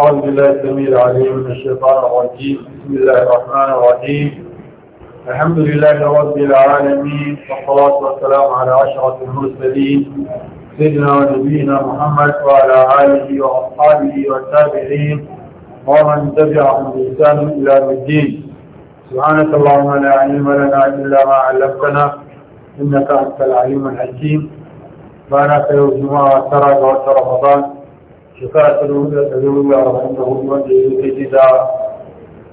أعوذ بالله السميع العليم من الشيطان الرجيم بسم الله الرحمن الرحيم الحمد لله رب العالمين والصلاة والسلام على عشرة المرسلين سيدنا ونبينا محمد وعلى آله وأصحابه والتابعين ومن تبعهم بإحسان إلى الدين سبحانك اللهم لا علم لنا إلا ما علمتنا إنك أنت العليم الحكيم فأنا في الجمعة وترك رمضان shekara ta dubu da ɗari hudu da arba'in da hudu wanda ya yi daidai da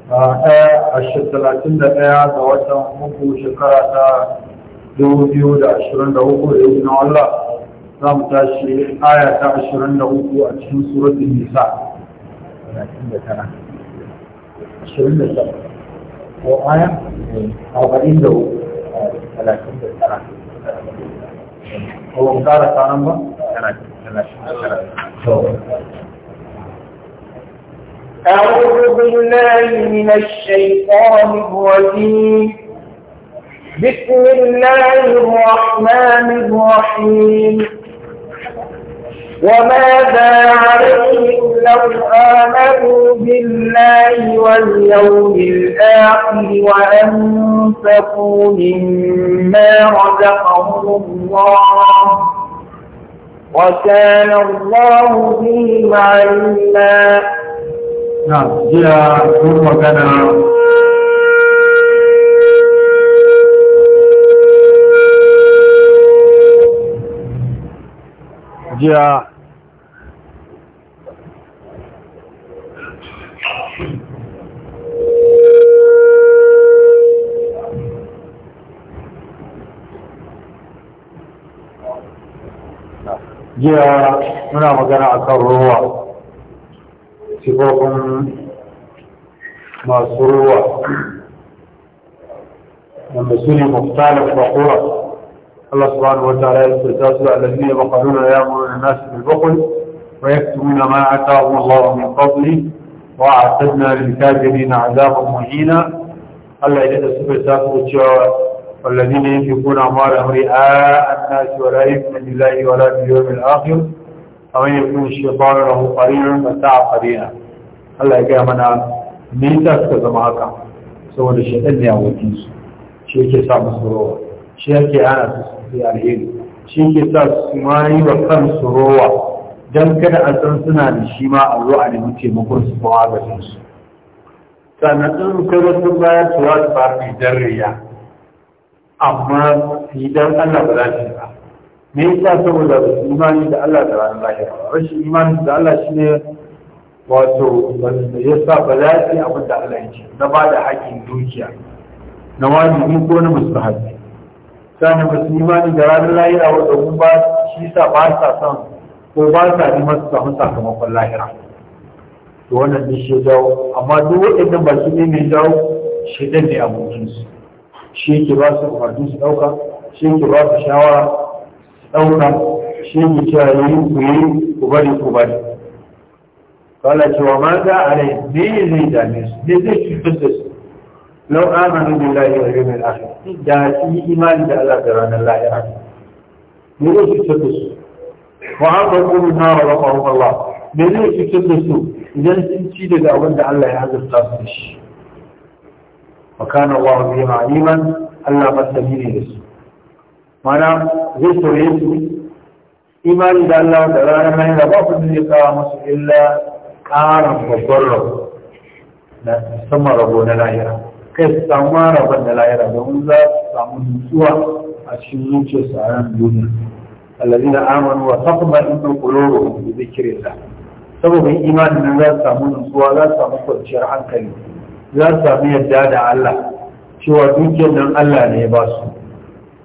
ɗaya ashirin talatin da ɗaya ga watan uku shekara ta dubu biyu da ashirin da uku da yi na Allah za mu tashi aya ta ashirin da uku a cikin suratun nisa. Ashirin da tara. Ko aya? Arba'in da uku. Talatin da tara. هو مكارة كان أعوذ بالله من الشيطان الرجيم بسم الله الرحمن الرحيم وماذا عليهم لو آمنوا بالله واليوم الآخر وأنفقوا مما رزقهم الله وكان الله بهم عليما نعم جاء ثم كان jiya جاء هنا مقناعة الرواة سفوكم ما سروا لما سنوا مختلف بقرة الله سبحانه وتعالى يسرسل الذين يبقلون ويأمر الناس بالبقل ويكتبون ما أتاهم الله من قبل وأعتدنا للكاجرين عذابا مهينا الله يجد السبب ساكوة والذين ينفقون أموالهم رئاء الناس ولا يؤمن بالله ولا باليوم الآخر ومن يكون الشيطان له قرينا فساء قرينا Allah ya gaya mana nisa suka zama haka saboda shaɗan ne a wakil su shi yake sa musu rowa shi yake hana su su alheri shi yake sa su ma yi wa kansu rowa don kada a san suna da shi ma a su kuma sannan kai bayan su wasu ba amma idan Allah ba za shi ba me yasa saboda imani da Allah da ranar lahira rashin imani da Allah shine wato ya sa ba za shi abin da Allah ya ce na ba da haƙƙin dukiya na wajibi ko na mustahabi sannan ba su imani da ranar lahira ba domin ba shi sa ba sa son ko ba sa neman su samu sakamakon lahira to wannan ne shi jawo amma duk waɗannan ba su ne mai jawo shaidan ne abokinsu shi yake ba su umarni su ɗauka shi yake ba su shawara su ɗauka shi yake cewa yi ku yi ku bari ku bari kala cewa ma za a rai me zai dame su me zai cutar da su lau amanu billahi wa yawmil akhir da su yi imani da Allah da ranar lahira me zai cutar da su wa amma qulu ma rabbakum Allah me zai cutar da su idan sun ci daga abin da Allah ya azurta su da shi wa kana Allah bihim aliman Allah masani ne da su mana zai soye su imani da Allah da ranar lahira ba ku zai kawo musu illa ƙarin babban rabo na sama rabo na lahira na lahira domin za su samu nutsuwa a cikin zuciyarsu a ran duniya الذين آمنوا وتطمئن قلوبهم بذكر الله سبب إيمان أن لا تأمن سوى لا تأمن شرعا كريما za su sami yadda da Allah cewa dukiyar nan Allah ne ya ba su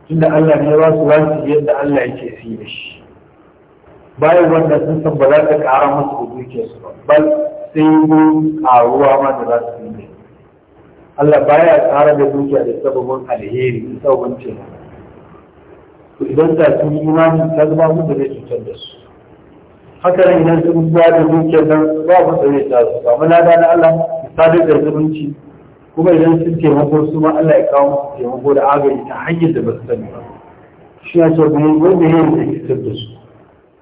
tunda Allah ne ya ba su za su yadda Allah yake su yi da shi bayan wannan sun san ba za ta ƙara masu da dukiyarsu ba bal sai yi ƙaruwa ma da za su yi da Allah baya kara da dukiya da sababin alheri sababin ce idan da sun yi imani ta zama musu da cutar da su haka nan idan sun rubuwa da dukiyar nan ba ku tsare ta su amma lada na Allah ta da zumunci kuma idan su taimako su ma Allah ya kawo musu taimako da agaji ta hanyar da ba su sani ba shi ya ce bayan wanda ya yi da da su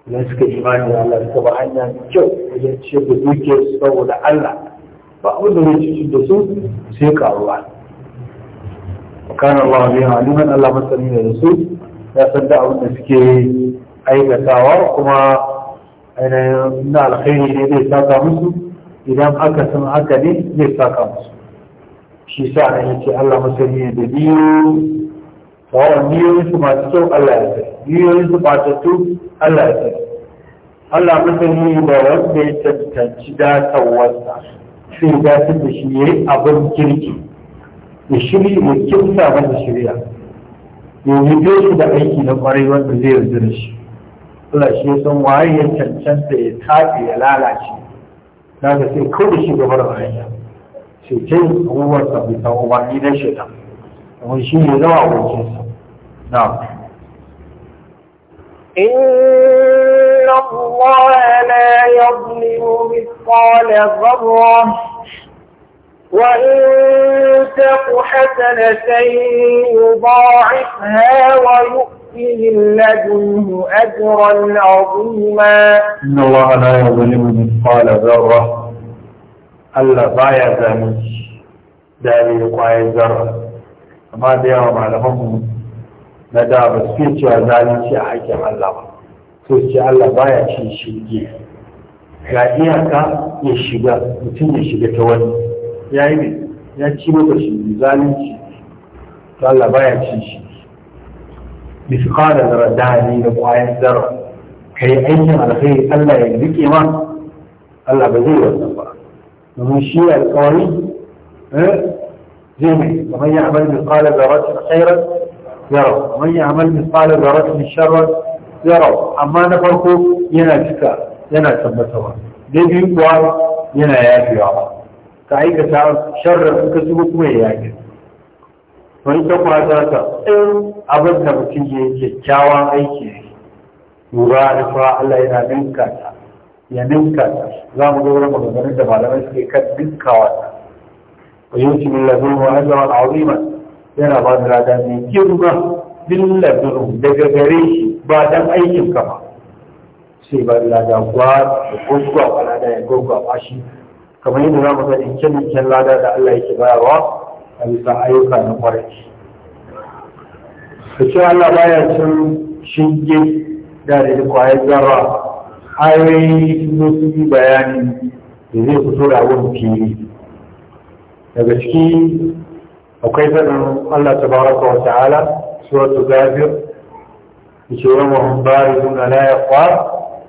idan suka imani da Allah suka ba hanya mai kyau wajen ciyar da dukiyar su saboda Allah ba abin da zai cuci da su sai karuwa kana Allah bai aliman Allah masani da su ya san da abin da suke aikatawa kuma na alkhairi ne zai saka musu idan aka san haka ne zai saka musu shi sa nan yace Allah musulmi da biyu tsawon biyoyin su masu kyau Allah ya sai biyoyin su batattu Allah ya sai Allah musulmi da wanda ya tantanci dasawarsa sai ya dace da shi yi abin kirki ya shirya ya kimsa masa shirya ya yi shi da aiki na kwarai wanda zai yarda da shi Allah shi san waye ya cancanta ya tafi ya lalace na ga sai kawai shi gabar hanya sai ce abubuwan sa bisa umarni na shaitan domin shi ne zama sa? na إن الله لا يظلم مثقال ذرة وإن تق حسنة يضاعفها ويؤتي نؤتيه لدنه أجرا عظيما إن الله لا يظلم من قال ذرة ألا ضايا زمج داري قاية ذرة ما ديهم على هم ندا بس في جوا ذالي شيء حكم الله فسي الله ضايا شيء شيء جاهيا كان يشيب يتين يشيب كون يعني يا شيء ما تشيب ذالي شيء الله ضايا شيء شيء مثقال ذره ذره ذره كي ايمن الخير الا يملك ايمان الا بزي والنبع ومن شيء القوي زين ومن يعمل مثقال ذره خيرا يرى ومن يعمل مثقال ذره شرا يرى اما نفرقه ينا شكا ينا ثبتها لذي يقوى ينا يافي يا رب كايك شر كسبت ويا يعني. wani ta za ta tsin eh, abin da mutum ya yi kyakkyawan aiki lura da fara Allah yana ninka ta ya ninka ta za mu zaura maganganun da malamai suke kan ninkawa ta a yuti min ladun wa zama azima yana ba da rada mai girma bin ladun daga gare shi ba dan aikin ka ba sai ba da lada gwa da gwaggwa lada ya gwaggwa shi kamar yadda za mu kyan kyan lada da Allah yake bayarwa a bisa ayyuka na kwarai ka ce Allah baya cin shinge da da kwayar zarra ayoyi sun yi bayani da zai fito da abin fili daga ciki akwai faɗin Allah tabaraka wa ta'ala suratul ghafir yace yawma barizun la yaqwa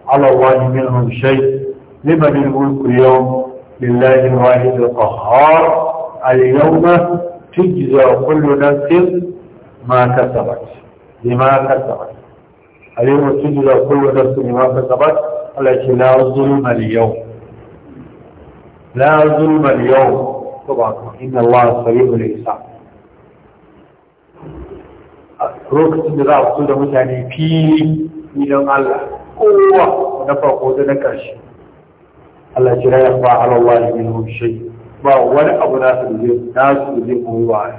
ala wani minhum shay liman al-mulku al-yawm lillahi al-wahid al-qahhar al-yawma tujza kullu nafsin ma kasabat bima kasabat al-yawma tujza kullu nafsin bima kasabat Allah ya ce la zulma al-yawm la zulma al-yawm طبعا إن الله سريع الحساب lokacin da za a fito da mutane fili idan Allah kowa na farko da na ƙarshe Allah jira ya fa Allah wa min shay ba wani abu na su je na su je koyi wa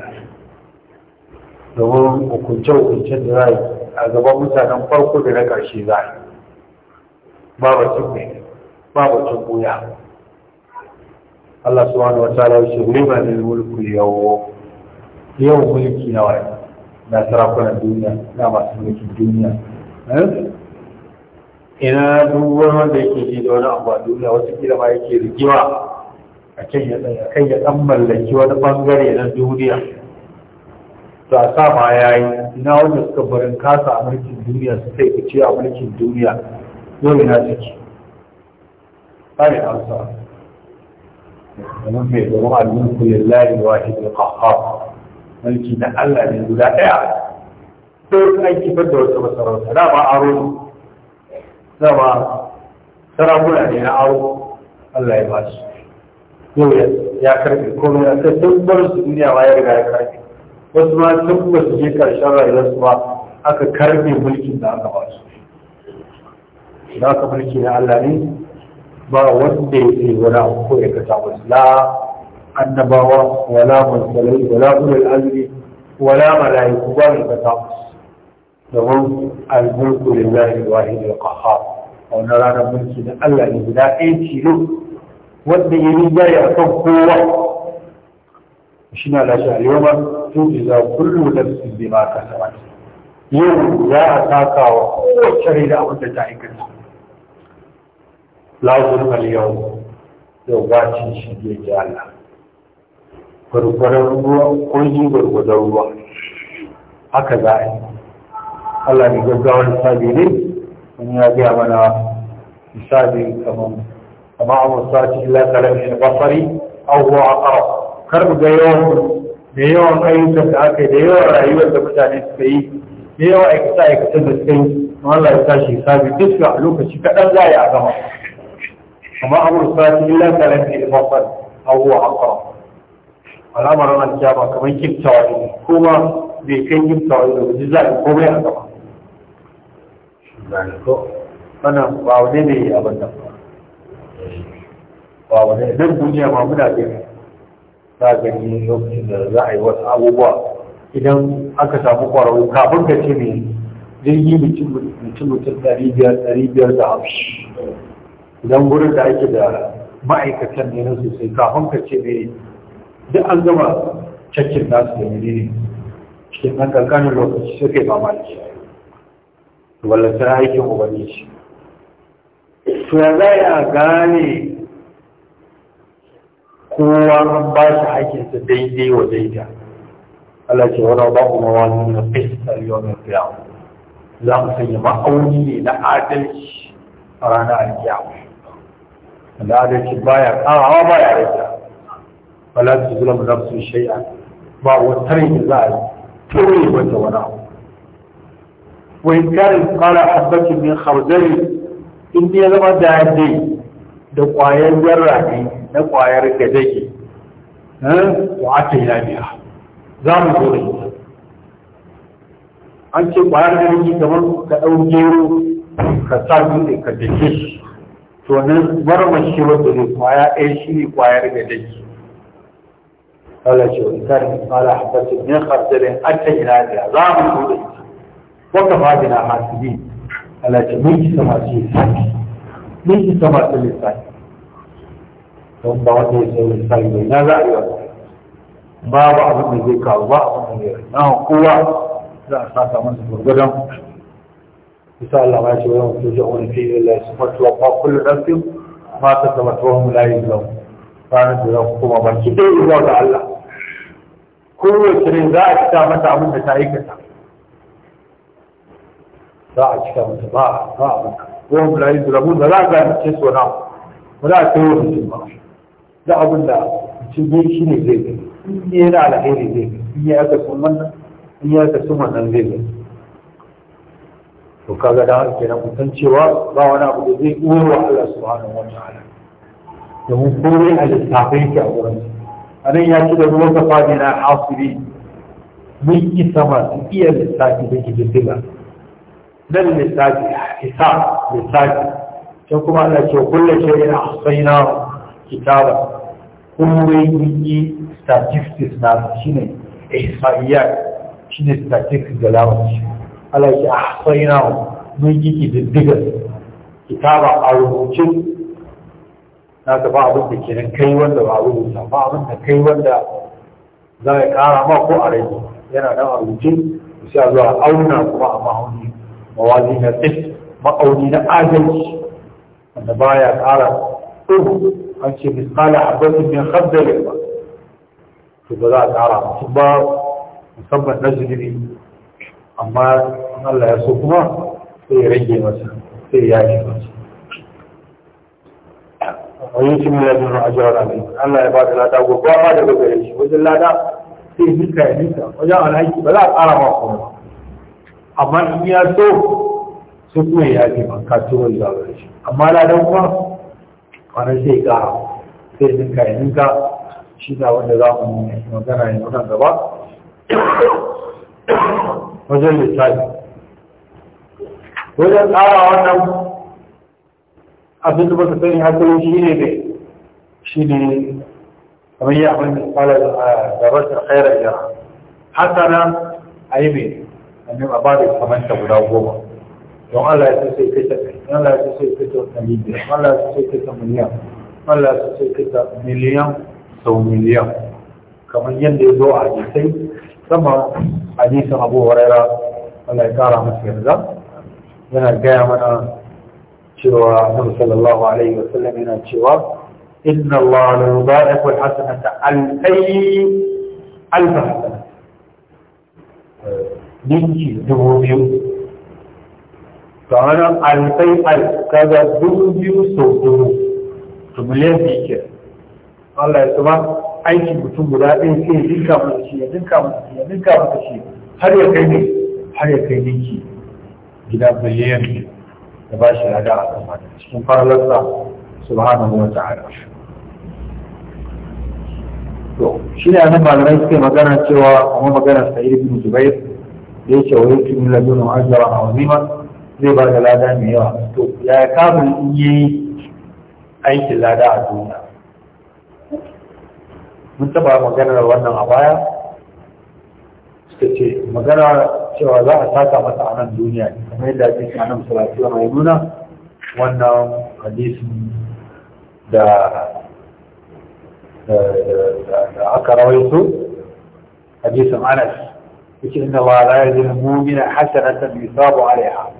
domin hukunce hukunce da za a gaban mutanen farko da na ƙarshe za a ba ba cin mai ba ba cin koya Allah subhanahu wata ta'ala shi riba ne mulku yau yau mulki na wani na sarakunan duniya na masu mulkin duniya eh? ina duk wani wanda yake ji da wani abu a duniya wata kila ma yake rigewa a can ya tsaya kai ya ɗan mallaki wani ɓangare na duniya to a sa ma ya yi ina wanda suka barin kasa a mulkin duniya kai ku ce a mulkin duniya dole na ciki tsarin amsa kamar mai zama al-mulku lillahi wahid al-qahhar mulki na Allah ne guda ɗaya sai an kifar da wata masarauta da ba aro da ba sarakuna ne na aro Allah ya ba yau ya karfe komai na sai sun bar su duniya ma ya riga ya karfe wasu ma sun ba su je karshen rayuwarsu ba aka karfe mulkin da aka ba su da aka mulki na Allah ne ba wanda ya ce wala ko ya kasa wasu la annabawa wala mulkalai wala ulul azmi wala malaiku ba ya kasa wasu domin al-mulku lillahi al-wahid al-qahhar wannan ranar mulki da Allah ne guda ɗaya tilo wanda ya yi jaya a kan kowa shi na lashe aliyoma tun iza kullu nafsin bi ka sama yau za a saka wa kowace rai da abin da ta aikata lazur aliyau da wacin shi ne ke Allah gwargwaron ruwa yi gwargwadon ruwa haka za a yi Allah ne gaggawar sabi ne wani ya biya mana sabi kamar وما أوصلت إلا تلمح البصري أو هو أقرب كرب ديون ديون أي أيوة تبعك ديون رأي أيوة والدكتان إسكي ديون إكتا أيوة إكتا إسكي وما الله يتاشي إسابي تسكي أحلوك شكا أزا يا أدام وما أوصلت إلا تلمح البصري أو هو أقرب والأمر أن جابا كما يجب تعليم كما بيكين يجب تعليم وجزاء الكومي أدام بسم الله عليكم أنا أعودني يا أبا الدكتور ba wani idan duniya ma muna gani za gani lokacin da za a yi wasu abubuwa idan aka samu kwararru kafin ka ce ne yi mutum mutum ɗari biyar ɗari biyar da hamsin idan wurin da ake da ma'aikatan ne na sosai kafin ka ce ne duk an gama cakin nasu da ne cikin nan kankanin lokaci sai suke mamaki wallan sai aikin ubangiji to za a gane kowa ba shi hakinsa daidai wa daida Allah ce wani ba kuma wani na fesa yau na fiya za mu sanya ma'auni ne na adalci a ranar alkiyawa da adalci baya karawa baya rage ba za su zula mu za su shai'a ba wata rai za a yi kawai wata wani abu وإن كان قال حبة من خردل in ya zama dade da kwayar yarrafi na kwayar gadege eh, za mu zo da ita an ce kwayar gadege kamar ka ɗauke ka sa dutse ka dake su to nan marmar shi wata ne kwaya ɗaya shi ne kwayar gadege kala ce wani kare ne kala haɓar ce ne harsarin a ta ina da za mu zo da ita wata fadina hasibi ne Allah ce mun isa masu lissafi mun isa masu lissafi don ba wanda ya sai lissafi bai na za a yi wata ba abin da zai kawo ba abin da zai na kowa za a saka masa gwargwadon isa Allah ma ce wani mutum jan wani fiye da su fatuwa ba kullum ɗanfin ma ta saba tuwon mulayi zau ranar da za ku koma ba ki ɗaya zuwa ga Allah kowace ne za a fita mata abin da ta aikata za a cika mata ba ba a banka wani bulayi da ba za a gane sona so ba za ta yi wa ba da abin da cikin ne shi ne zai gani in ya da alheri zai gani in ya aka sun wannan in ya aka sun wannan zai gani to kaga da ake kenan mutan cewa ba wani abu da zai uwarwa Allah subhanahu wa ta'ala domin kore a littafai ke a wurin a nan ya ci da ruwan safa ne na hasiri mun sama su iya lissafi da ke jirgin nan lissafi hisab lissafi can kuma ana ce kulle ce yana hasaina kitaba kullum yi statistics na shine ihsaiyat shine statistics da lawanci ala ce ahsaina mun yi kididdigar kitaba a rubuce na ta ba abin da ke nan kai wanda ba rubuta ba abin da kai wanda za ya kara ma ko a rage yana nan a rubuce sai a zuwa auna kuma a ma'auni mawazin al-qist ma'auni na adalci wanda baya ƙara ɗin an ce misali abin min khaddare ba to ba za a ƙara musu ba musamman na zunubi amma in Allah ya so kuma sai ya rage masa sai ya yi masa a yi cin milajin ajiyar abin Allah ya ba da lada gobe ba daga gare shi wajen lada sai hika ya hika wajen alhaki ba za a ƙara ma kuma ba amma in ya so su kuma ya ce ban ka turo da shi amma ladan kuma kwanan sai ka sai ninka ya ninka shi na wanda za mu magana ya mutan gaba wajen lissafi wajen tsara wannan abin da ba su sani hakuri shi ne ne shi ne kamar yi abin da kwalar da rasar khairar yara hasana a yi mai sannan a ba da kamanta guda goma don Allah ya so sai kai kashe ɗari Allah ya so sai kashe ɗari biyar Allah ya so sai kashe miliyan Allah ya so sai kashe miliyan sau miliyan kamar yadda ya zo a hadisai sama hadisin Abu Huraira Allah ya kara masa yarda yana gaya mana cewa Annabi sallallahu alaihi wa sallam yana cewa inna Allah la yudha'ifu al-hasanata al-ayyi al-hasanata dinki dubu biyu kamar alfai al kaga dubu biyu sau dubu to miliyan biyu Allah ya kuma aiki mutum guda ɗaya sai ya dinka mutu shi ya dinka mutu shi ya dinka mutu shi har ya kai ne har ya kai ninki gida miliyan biyu da ba shi rada a kan mata cikin faralarsa subhanahu wa ta'ala to shi ne da rai suke magana cewa kuma magana sa'ir bin zubair ya ce wa yake min ladun ajra azima zai ba da lada mai yawa to ya kafin in yi aikin lada a duniya mun taba maganar wannan a baya suka ce magana cewa za a saka masa a nan duniya kamar yadda ake a nan salatu maimuna wannan hadisin da aka rawaito hadisin anas لكن إن الله لا يجزي المؤمن حسنة يصاب عليها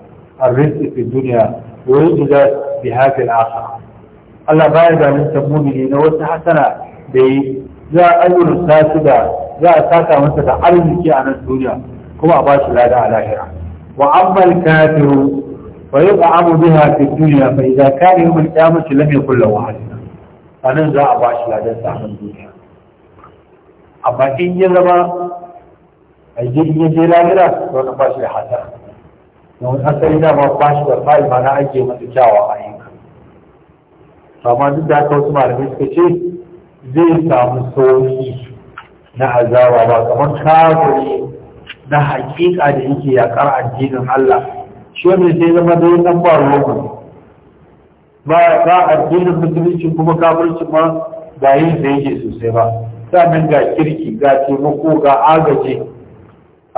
الرزق في الدنيا ويجزى بها في الآخرة الله بايدا من تمومنين وتحسنا بي لا أجل الساسدة لا ساسا من تتعلم تتعلمك عن الدنيا كما أباش لا دع الآخرة وأما الكافر فيطعم بها في الدنيا فإذا كان يوم القيامة لم يكن له حسنة فننزع أباش لا دع الدنيا أما إن يلما a jirgin je da wani ba shi da wani domin asali dama ba shi da fa'i na ake masa kyawa a yanka amma duk da haka wasu malamai suka ce zai samu sauki na azaba ba kamar kafiri na hakika da yake yakar addinin Allah shi wanda sai zama da yin ba roƙon ba ba addinin musulunci kuma kafirci ma ba yin da yake sosai ba sannan ga kirki ga taimako ga agaji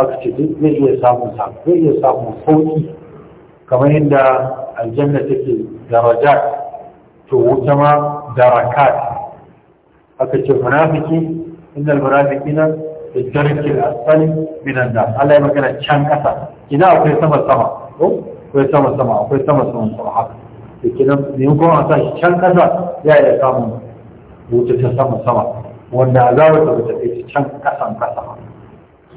aka ce duk zai iya samun sa zai iya samun sauki kamar yadda aljanna take darajat to wuta ma darakat aka ce munafiki innal munafiqina fi da asfali asali, an da Allah ya magana can kasa ina akwai sama sama ko akwai sama sama akwai sama sama sama haka da kenan ne ko a sa shi can kasa ya iya samun wuta ta sama sama wanda za ta wuta ta can kasan kasa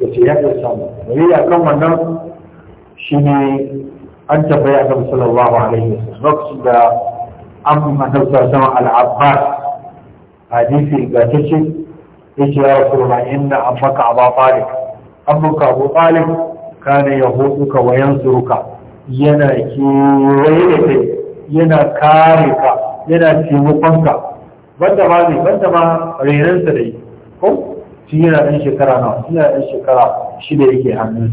ya ce ya iya samu dalili akan wannan shi ne an tambaya ga sallallahu alaihi wasallam lokacin da an annabta sama al-abbas hadisi ga tace ce, ya na rasulullah inna abbaka aba talib abbuka abu talib ya yahuduka wa yansuruka yana kewaye da kai yana kare ka yana taimakonka banda ma ne banda ma renansa da yi ko tun yana ɗan shekara na tun yana ɗan shekara shida yake hannun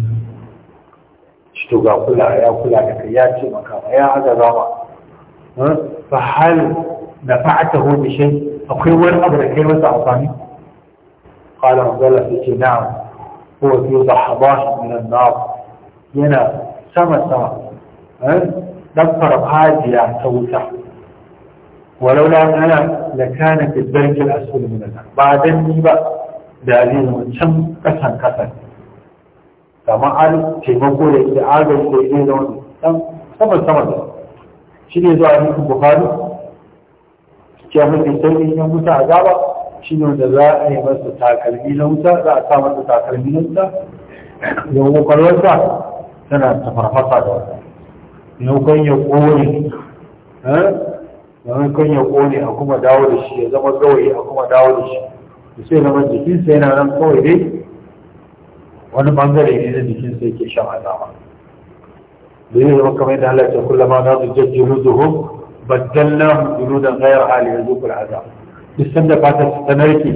shi to ga kula ya kula da kai ya ce maka ya haga zama fa hal da fa'ata hu bi shay akwai wani abu da kai masa amfani qala rabbana fi ce na'am huwa fi dhahabash min an-nar yana sama sama dan farfajiya ta wuta ولولا انا لكان في الدرج الاسفل من النار بعدني بقى da zama can kasan kasan kama an taimako da ke agaji da zai zama can sama sama da shi ne zuwa nufin buhari cewa mafi sauƙi yan wuta a gaba shi ne wanda za a yi masa takalmi na wuta za a sa masa takalmi na wuta da kwakwalwarsa tana ta tafarfasa da wata kan ya kone eh? kan ya kone a kuma dawo da shi ya zama gawayi a kuma dawo da shi sai zama jikinsa yana nan kawai dai wani bangare ne na jikinsa yake shan azaba da zai zama kamar yadda Allah ya kulla ma za su jajji ruzuhu baddalna da ghayar hali ya zuku azab duk sanda fata ta narke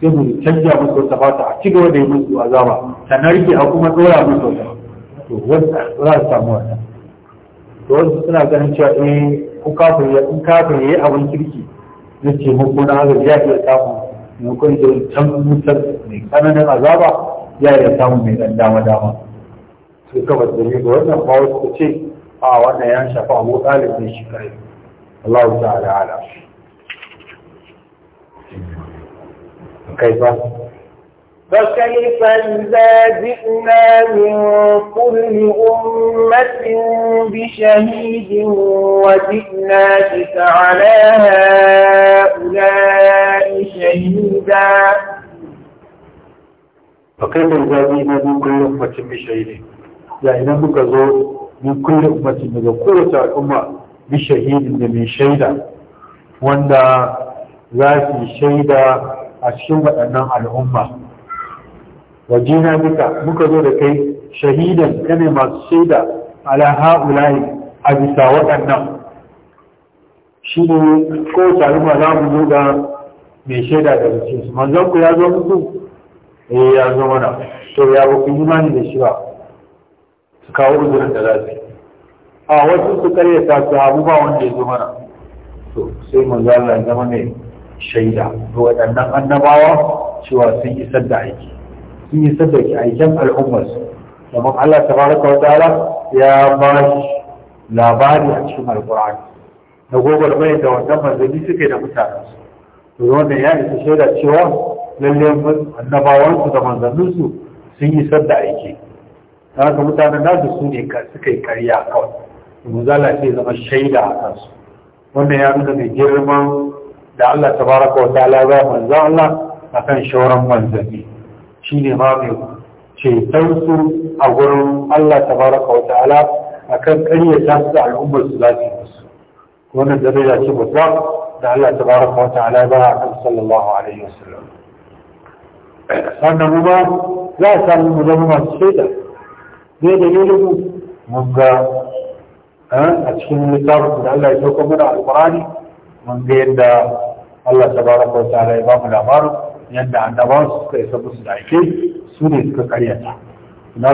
sai mu canja musu wata fata a ci gaba da yi musu azaba ta narke a kuma dora musu wata to wanda za su samu wata to wasu suna ganin cewa eh ko kafin ya in kafin ya yi abin kirki na ce mun ko na haka ya iya samun maimakon da can mutar mai kananan azaba ya yi samu mai ɗan dama dama sai kama da ne ga wannan ba wasu ce a wannan ya shafa abu ɗalib ne shi Allah ta'ala ala kai ba فكيف إذا جئنا من كل أمة بشهيد وجئنا بك على هؤلاء شهيدا فكيف إذا جئنا من كل أمة بشهيد يعني نبقى زور من كل أمة من قوة الأمة بشهيد من شهيدا وأن ذات شهيدا أشهد أنها الأمة wa jina bika muka zo da kai shahidan kane masu shaida ala ha'ula'i a bisa waɗannan shi ne ko tarima za mu zo ga mai shaida da mutum su manzon ku ya zo muku eh ya zo mana to ya ba ku imani da shi ba su kawo uzurin da za su a wasu su ta su abu ba wanda ya zo mana to sai manzon Allah ya zama mai shaida to waɗannan annabawa cewa sun isar da aiki sun yi sadaki a yan al'ummar domin Allah tabaraka wa ta'ala ya ba shi labari a cikin alqur'ani da gobar mai da wannan manzanni suke da mutanen su to wannan ya isa shaida cewa lalle annabawansu da manzanninsu sun yi sadda aiki ta haka mutanen nasu su ne suka yi karya kawai domin zala ce zama shaida a kansu wannan ya nuna mai girman da Allah tabaraka wa ta'ala ya ba manzan Allah akan shauran manzanni shine rabi ceton su a gurin Allah tabaraka wa ta'ala akan ƙarya ta su al'ummar su za su wannan daraja ce babba da Allah tabaraka wa ta'ala ba a kan sallallahu alaihi wasallam sannan kuma za a samu mu zama masu shaida ne da ne mun ga a cikin littafin da Allah ya sauka mana alƙur'ani mun ga yadda Allah tabaraka wa ta'ala ya ba mu labarin yadda annaba suka isa musu da ake su ne suka karyata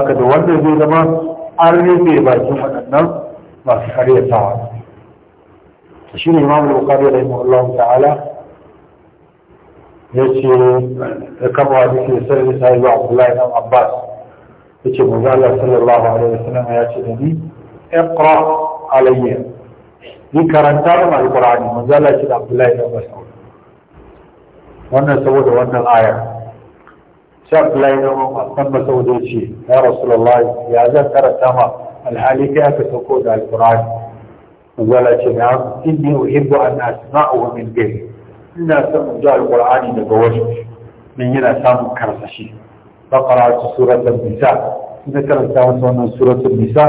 ka da wanda zai zama an rufe bakin waɗannan masu karyatawa ta shi ne bukari da imamu rahimahullahu ta'ala ya ce ya kama wa duk sarari sahibu abdullahi ibn abbas ya ce mu zalla sallallahu alaihi sallam ya ce da ni iqra alayya ni karanta da alqur'ani mu zalla ce da abdullahi ibn abbas wannan saboda wannan ayar shaf lai na mamman masaudai ce ya rasulullahi ya zan karanta ma alhali kai aka sauko da alkurani zala ce na inni uhibbu an asma'u a min gari. ina son ji alkurani daga wasu min yana samun karsashi faqara'tu suratul nisa ina karanta wasu wannan suratul nisa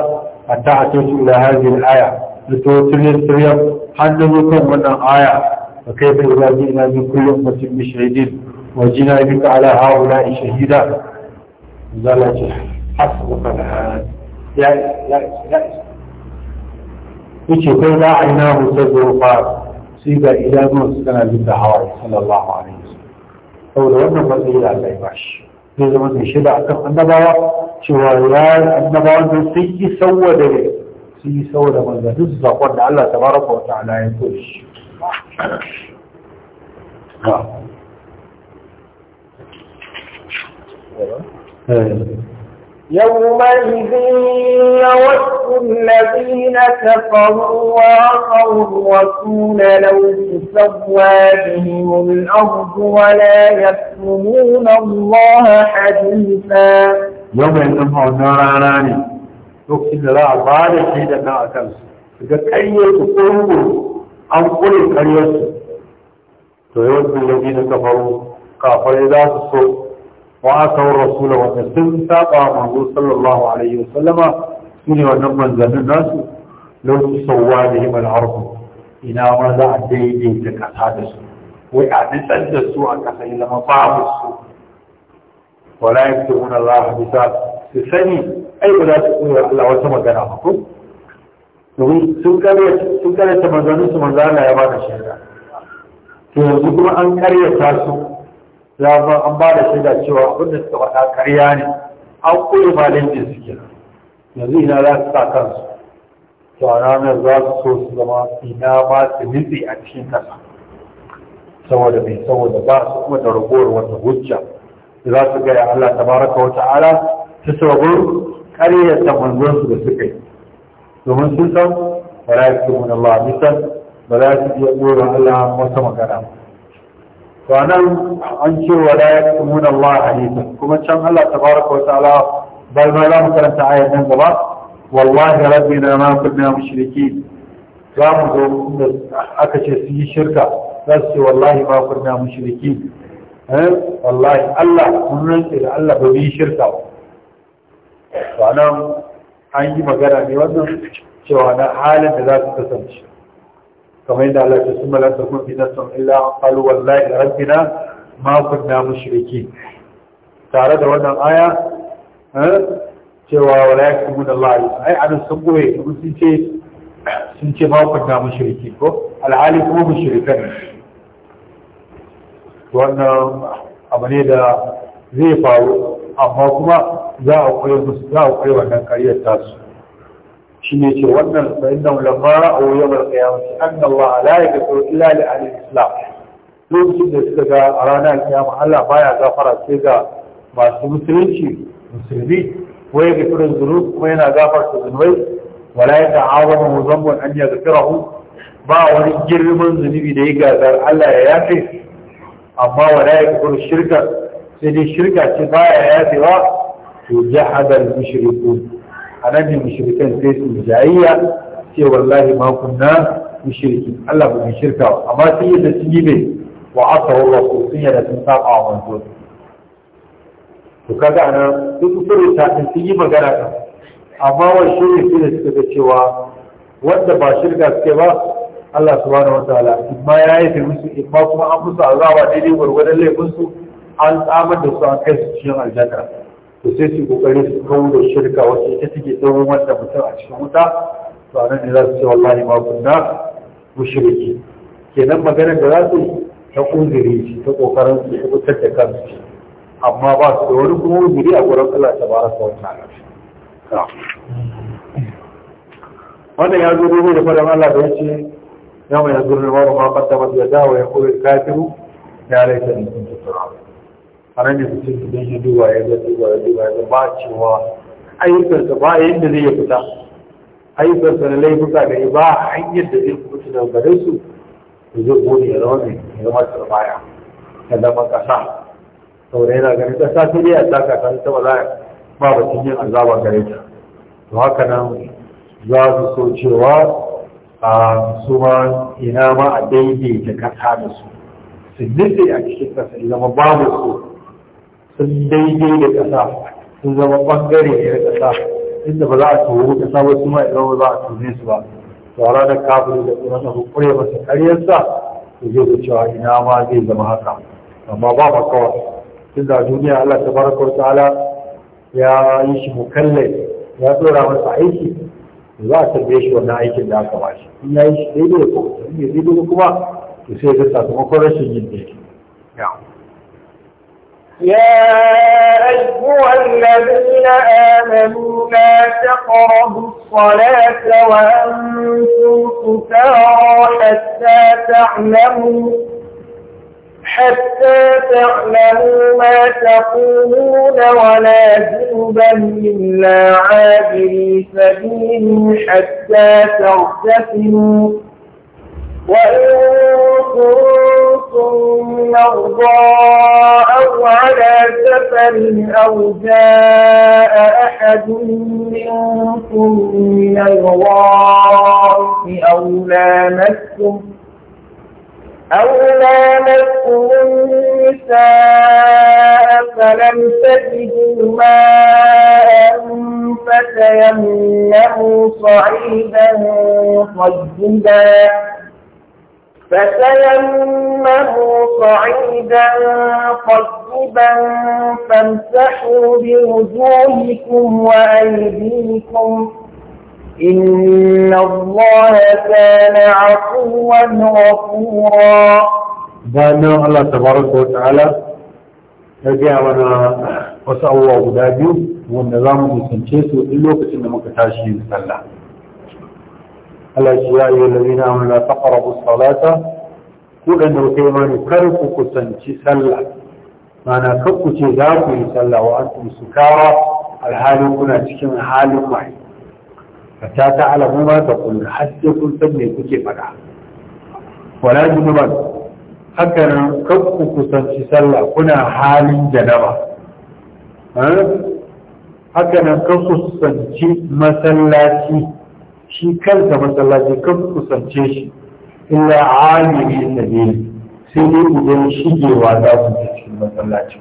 hatta atatu ila hadhihi al-aya da to tiriyar tiriyar hannun kan wannan aya وكيف إذا من كل أمة بشهيد وجنا بك على هؤلاء شهيدا زلت حسبك الهاد لا لا لا يجي كل عيناه تزرقان سيبا إلى من سنة بالدعوة صلى الله عليه وسلم أولا وأنه فضيل على العباش في زمن شبع كم النبوة شواريان النبوة سي سوى دليل سي سوى دليل نزق وأن الله تبارك وتعالى يقولش يومئذ يود الذين كفروا وعصوا الرسول لو تسوى بهم الأرض ولا يكتمون الله حديثا يوم ينفع النار lokacin النار za a ba da shi da na akan su ga kayyar su an kure karyarsu to yawancin lafi da kafaru kafarai za su so wa aka wa rasula wanda sun saba manzo sallallahu alaihi wa sallama su ne wannan manzannin nasu lokacin sauwa da himar harfu ina ma za a daidaita kasa da su wai a nitsar da su a kasa ya zama babu su wala yaktumuna Allah bisa su sani ai ba za su koya Allah wata magana ba ko domin sun karyata manzannin su manzo ya ba da shaida to yanzu kuma an karyata su ya ba an ba da shaida cewa abinda da suka faɗa karya ne an koyi malin din suke yanzu ina za su sa kansu to a ranar za su so su zama ina ba su nufi a cikin kasa saboda mai saboda ba su kuma da ragowar wata hujja za su gaya Allah tabaraka wa ta'ala ta sababin karyata manzon su da suka yi domin sun san ba za su mun Allah bisan ba za su iya tsoron Allah wata magana to nan an ce wa la yaqumuna Allah hadithan kuma can Allah tabaraka wa ta'ala bal ma za mu karanta ayar nan gaba wallahi rabbina ma kunna mushrikeen za mu zo inda aka ce su yi shirka za su ce wallahi ma kunna mushrikeen eh wallahi Allah mun rantsa da Allah ba yi shirka ba to nan an yi magana ne wannan cewa na halin da za su kasance kamar yadda Allah ya summa la takun fi nafsin illa qalu wallahi rabbina ma kunna mushriki tare da wannan aya eh, cewa wala yakun Allah ai an sun goye sun ce sun ce ma kunna mushriki ko alhali kuma mushrikan wannan abu ne da zai faru amma kuma za a koyar musu za a koyar wannan kariyar tasu shi ne ce wannan fa'innan lamara a wuyan alƙiyamci an da wa la da gaso illa li ahli islam lokacin da suka ga a ranar kiyama Allah baya gafara sai ga masu musulunci musulmi wai ga firin zuru kuma yana gafar su zunubai wala ya awon muzamman an ya gafirahu ba wani girman zunubi da ya gazar Allah ya yafe amma wala ya kafir shirka sai dai shirka ce ba ya baya yafewa to jahadal mushrikun annabi mushrikan sai su jayayya ce wallahi ma kunna mushriki Allah ba mu shirka ba. amma sai yadda sun yi ne wa asawu rasul sun yadda sun saba wa manzo to kaga anan duk kufuri ta sun yi magana kan amma wa shirki da suka ga cewa wanda ba shirka suke ba Allah subhanahu wataala imma ya yi musu imma kuma an musu azaba daidai gwargwadon laifinsu. su an tsamar da su a kai su cikin aljanna to sai su kokari su kawo da shirka wacce ita take tsawon wanda mutum a cikin wuta to a nan ne za su ce wallahi ma kunna mushriki kenan maganar da za su yi ta uzuri ce ta kokarin su kubutar da kansu ce amma ba su da wani kuma uzuri a gurin Allah ta bara sa wata ala wannan ya zo dole da fadan Allah da yace yawma yazurru wa ma qaddamat yadahu wa yaqulu kafiru ya laita ni kuntu turaba a da mutum da ya duba ya zai duba ya duba ya ba cewa ayyukansa ba yadda zai fita ayyukansa na laifuka da ya ba hanyar da zai fita da gare da zai gode ya zama mai ya zama turbaya ya zama ƙasa saboda yana ganin kasa ta, dai a taka ta ta ba za ba batun yin azaba gare ta to haka nan za su so cewa a su ma ina ma a daidaita kasa da su su a cikin ƙasa zama babu su sun daidai da ƙasa sun zama ɓangare ne da ƙasa inda ba za a tuhu ƙasa wasu ma idan ba za a tuhu su ba to a kafin da kuma ta hukure masa karyarsa to zai ga cewa ina ma zai zama haka amma ba kawai tun da duniya Allah ta baraka wa ta'ala ya yi shi mukallai ya tsora masa aiki za a tarbe shi wannan aikin da aka bashi in ya yi shi daidai da kuma in ya daidai kuma to sai ga sakamakon rashin yin daidai يا أيها الذين آمنوا لا تقربوا الصلاة وأنتم سكارى حتى تعلموا حتى تعلموا ما تقولون ولا جنبا إلا عابري سبيل حتى تغتسلوا وإن كنتم مرضى أو على سفر أو جاء أحد منكم من الغائط أو لامستم أو لامستم النساء فلم تجدوا ماء فتيمموا صعيدا طيبا فتيمه صعيدا قصبا فامسحوا بوجوهكم وأيديكم إن الله كان عفوا غفورا بانا الله تبارك وتعالى يجي وانا وسأل الله ودادي والنظام يسنشيسو إلوك إنما كتاشي صلى الأشياء الذين لا تقربوا الصلاة كل أنه كيمان كرفك سنتسلع معنى كبك تذاك يسلع وأنتم سكارى الحالي كنا تشكي من معي فتا تعلم ما تقول حتى حسك تبني كيف فرح ولا جنبا حكرا كبك سنتسلع كنا حال جنبا حكرا كبك سنتسلع مسلاتي shi kansa masallaci kan kusance shi illa alimin sabili sai dai idan shigewa za su ta cikin masallaci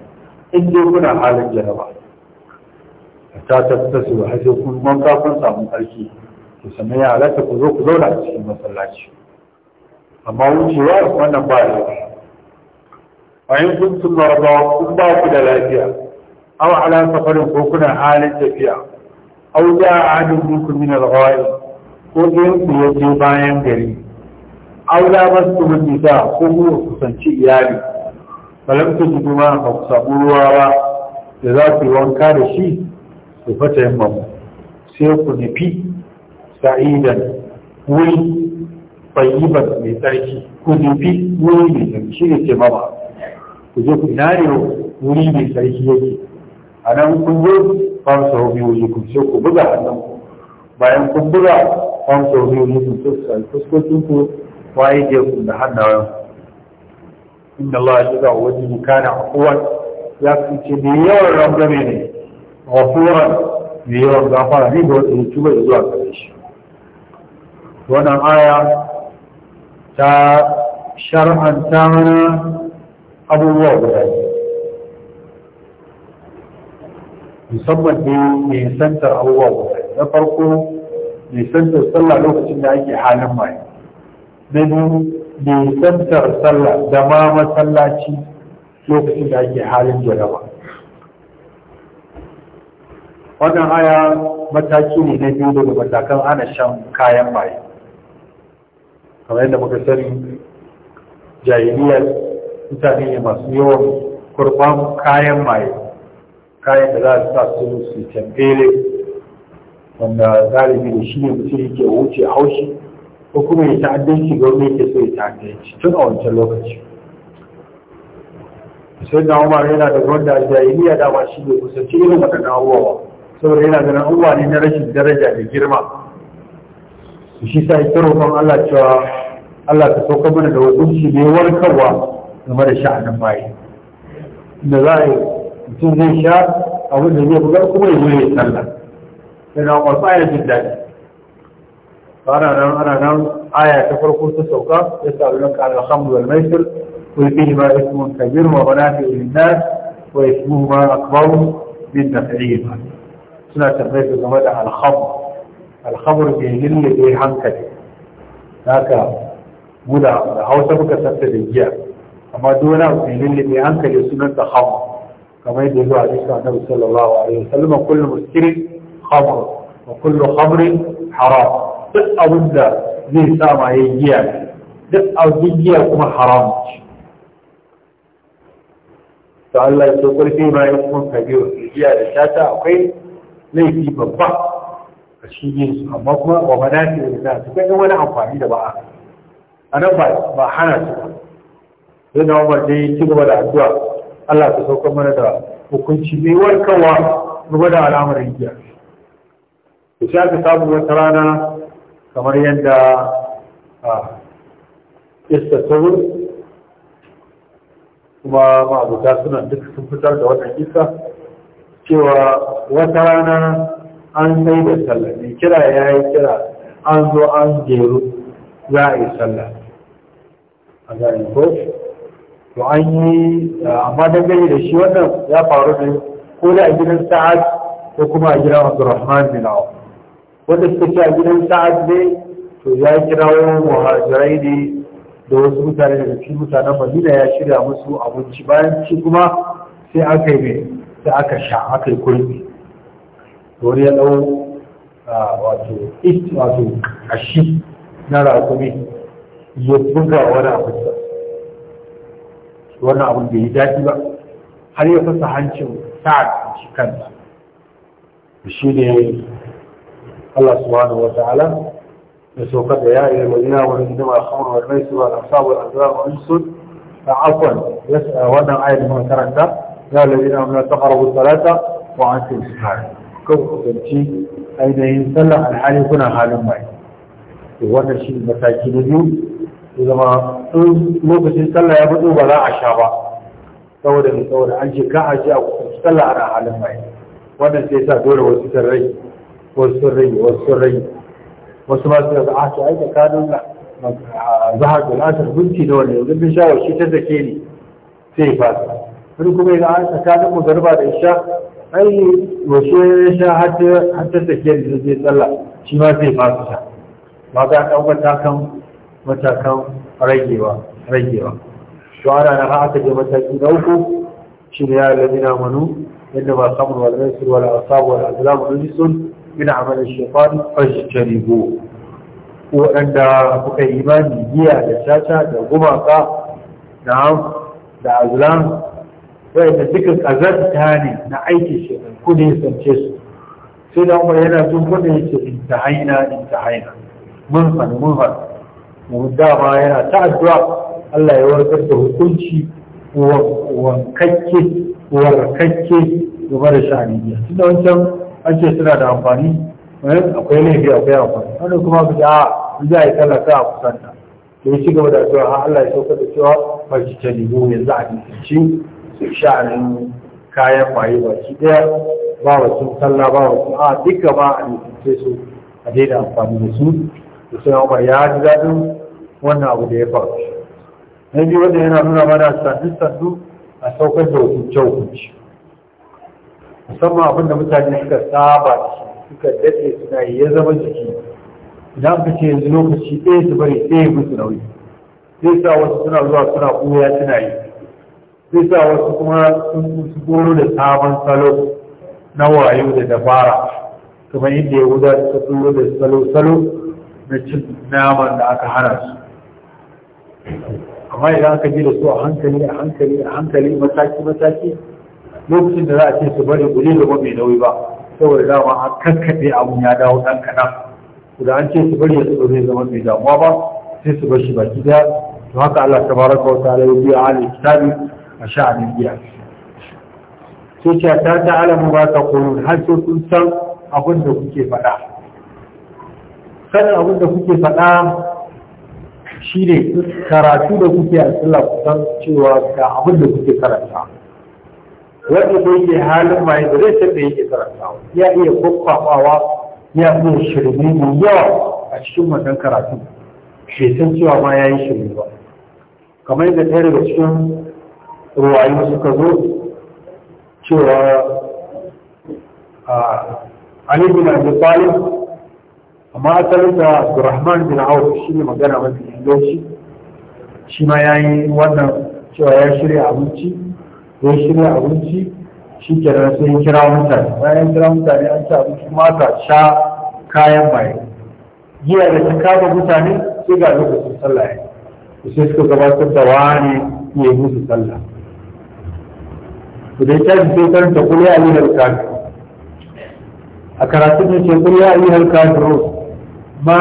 in dai kuna halin jaraba ta tattasu ba sai kun manka kun samu sarki ku sami ya halatta ku zo ku zauna a cikin masallaci amma wucewa wannan ba da bayan kun sun maraba kun ba ku da lafiya aw ala safarin ko kuna halin tafiya aw ja'a ahadun minkum min al-ghaibi ko biyan ku ya je bayan gari aula ba su nisa ko kuma kusanci iyali balam ku ji kuma ba ku samu ruwa ba da za ku yi wanka da shi ku fata yin sai ku nufi sa'idan wuri bayyiban mai tsarki ku nufi wuri mai tsarki shi ne ke mama ku je ku ina ne wuri mai tsarki yake a nan kun zo ba su hau biyu ku sai ku buga hannun bayan kun buga kwanko biyu musu fuskokin ku waye je ku da hannayen inda Allah ya shiga da yawan rangame ne da yawan gafara ne da wata zuwa shi wannan aya ta shar'anta mana abubuwa guda musamman ne mai santar abubuwa guda na farko nisantar sallah lokacin da ake halin maye, na biyu nisantar sallah da ma masallaci lokacin da ake halin jaraba wannan aya mataki ne na biyu daga matakan ana shan kayan maye kamar yadda muka sani jahiliyar mutane ne masu yawan kurban kayan maye kayan da za su sa su su tambele wanda galibi da shi ne mutum yake wuce haushi ko kuma ya ta'addanci ga ya yake so ya ta'addanci tun a wancan lokaci sai da umar yana da wanda jahiliya dama shi ne kusanci irin waɗannan ba. saboda yana ganin abubuwa ne na rashin daraja da girma shi sa ita roƙon Allah cewa Allah ka sauka mana da shi ne warkarwa game da sha'anin bayi da za a yi mutum zai sha abin da zai buga kuma ya zo ya sallah ina na kwasu aya jin Ba na nan ana nan aya ta farko ta sauka ya sa'adu ulun ka alhamdu al maisir wa fi ma ismun kabir wa manafi lin nas wa ismuhu ma akbaru min ba. suna tambayar su game da alhamdu alhamdu ke lillabe hankali ka muda da hausa muka sassa da giya amma duk wani abu da lillabe hankali sunan da hamu kamar yadda zuwa a nabi annabi sallallahu alaihi wasallam kullum muskirin خبر وكل خبر حرام دق أبدا ذي سامع يجيع دق أبدا كما حرام فألا يتقل فيما يكون كبير يجيع لشاتا أخي ليس ببع الشيجين سبحان مطمع ومناتي الإنسان سبحان وانا أنفع إذا بقى أنا أنفع ما حانا سبحان لأن عمر جاي تقوى الأدواء الله تسوق من الدواء وكنت شبيه والكوار نبدأ على عمر الإنسان ku sha ka samu wata rana kamar yadda iska sauri kuma ma'abuta suna duk sun fitar da wannan iska cewa wata rana an sai da sallah mai kira ya yi kira an zo an jeru za a yi sallah a ko to an yi amma dangane da shi wannan ya faru ne ko da a gidan sa'ad ko kuma a gidan abdurrahman bin awa. wanda suka ce a gidan sa'ad ne to ya kirawo muhajirai ne da wasu mutane daga cikin mutanen madina ya shirya musu abinci bayan ci kuma sai aka yi mai sai aka sha aka yi kurmi wani ya ɗau wato it wato kashi na rakumi ya buga wani abin da wannan abin bai yi daɗi ba har ya fasa hancin sa'ad shi kanta shi ne الله سبحانه وتعالى يسوق يا إلى المدينة وإنما الخمر والميسر والأنصاب والأزلام والأنسل فعفوا يسأل وانا آية من كرنك يا الذين أمنا تقربوا الثلاثة وعنتم سبحانه كم تنشي أين عن حال كنا حال معي وانا شيء مساكي نبي إذا ما لوكس ينسلع يبدو ولا عشابا saboda mai saboda an ce ka a ji a kusa sallah ana halin mai wannan wasu rai wasu rai wasu ba su da zahar da gunci da wani sha shi ne sai wani kuma garba da isha ai wasu ya sha har ta tsalla shi sai ta ba matakan ragewa ragewa na haka mataki na uku shi ne ya lalina manu yadda ba samun walmai min amal shaytan fajtaribu waɗanda kuka yi imani giya da caca da gumaka da da azulan da duka kazanta ne na aikin shaytan ku ne sance su sai da umar yana tun kuma yace intahaina intahaina mun fani mun fani mun dama yana ta addu'a Allah ya warkar da hukunci wankakke warkakke game da sha'ani tun wancan an ce suna da amfani eh, akwai laifi akwai amfani wani kuma ku ji a za a yi ta a kusanta to yi ci gaba da cewa har ah, Allah ya sauka da cewa farki ta nemo yanzu a nisanci su nan kayan maye shi ɗaya ba wa sun, talla ba wa sun. a duka ba a nisance su a daina amfani da su da suna Umar ya ji daɗin wannan abu da ya faru na biyu wanda yana nuna mana sandu-sandu a saukar da wasu kyau kuma musamman abin da mutane suka saba suka daɗe suna yi ya zama jiki idan ka ce yanzu lokaci ɗaya su bari ɗaya musu nauyi zai sa wasu suna zuwa suna koya suna yi zai sa wasu kuma sun goro da sabon salo na wayo da dabara kamar inda ya wuda suka tsoro da salo-salo na cin naman da aka hana su amma idan aka ji da su a hankali a hankali a hankali mataki-mataki lokacin da za a ce su bari guli gaba mai nauyi ba saboda dama an kakkaɓe abun ya dawo ɗan kaɗan Kuma an ce su bari ya tsoro zaman zama mai damuwa ba sai su bar shi baki daya to haka Allah tabaraka wa ta'ala ya biya ahli kitabi a sha'anin biya sai ce ta alamu ba ta qulun har sai sun san abin da kuke faɗa sanin abin da kuke faɗa shi ne karatu da kuke a sallah kusan cewa ga abin da kuke karanta wanda da yake halin maye da zai taɓa yake karantawa ya iya kwakwafawa ya iya shirme mai yawa a cikin wannan karatu shi san cewa ma ya yi shirme ba kamar yadda ɗaya daga cikin ruwayi suka zo cewa ah, Ali bin Abi Talib amma asalin da Abdurrahman bin Auf shi ne magana mafi inganci shi ma ya yi wannan cewa ya shirya abinci ya shirya abinci shi kenan sai ya kira mutane bayan kira mutane an ci abinci mata sha kayan maye giya da ta kama mutane sai ga lokacin sallah ya sai suka gabatar da wani ya yi musu sallah dai ya tashi sai karanta kuli a yin halka a karatun da ke kuli a yi halka ma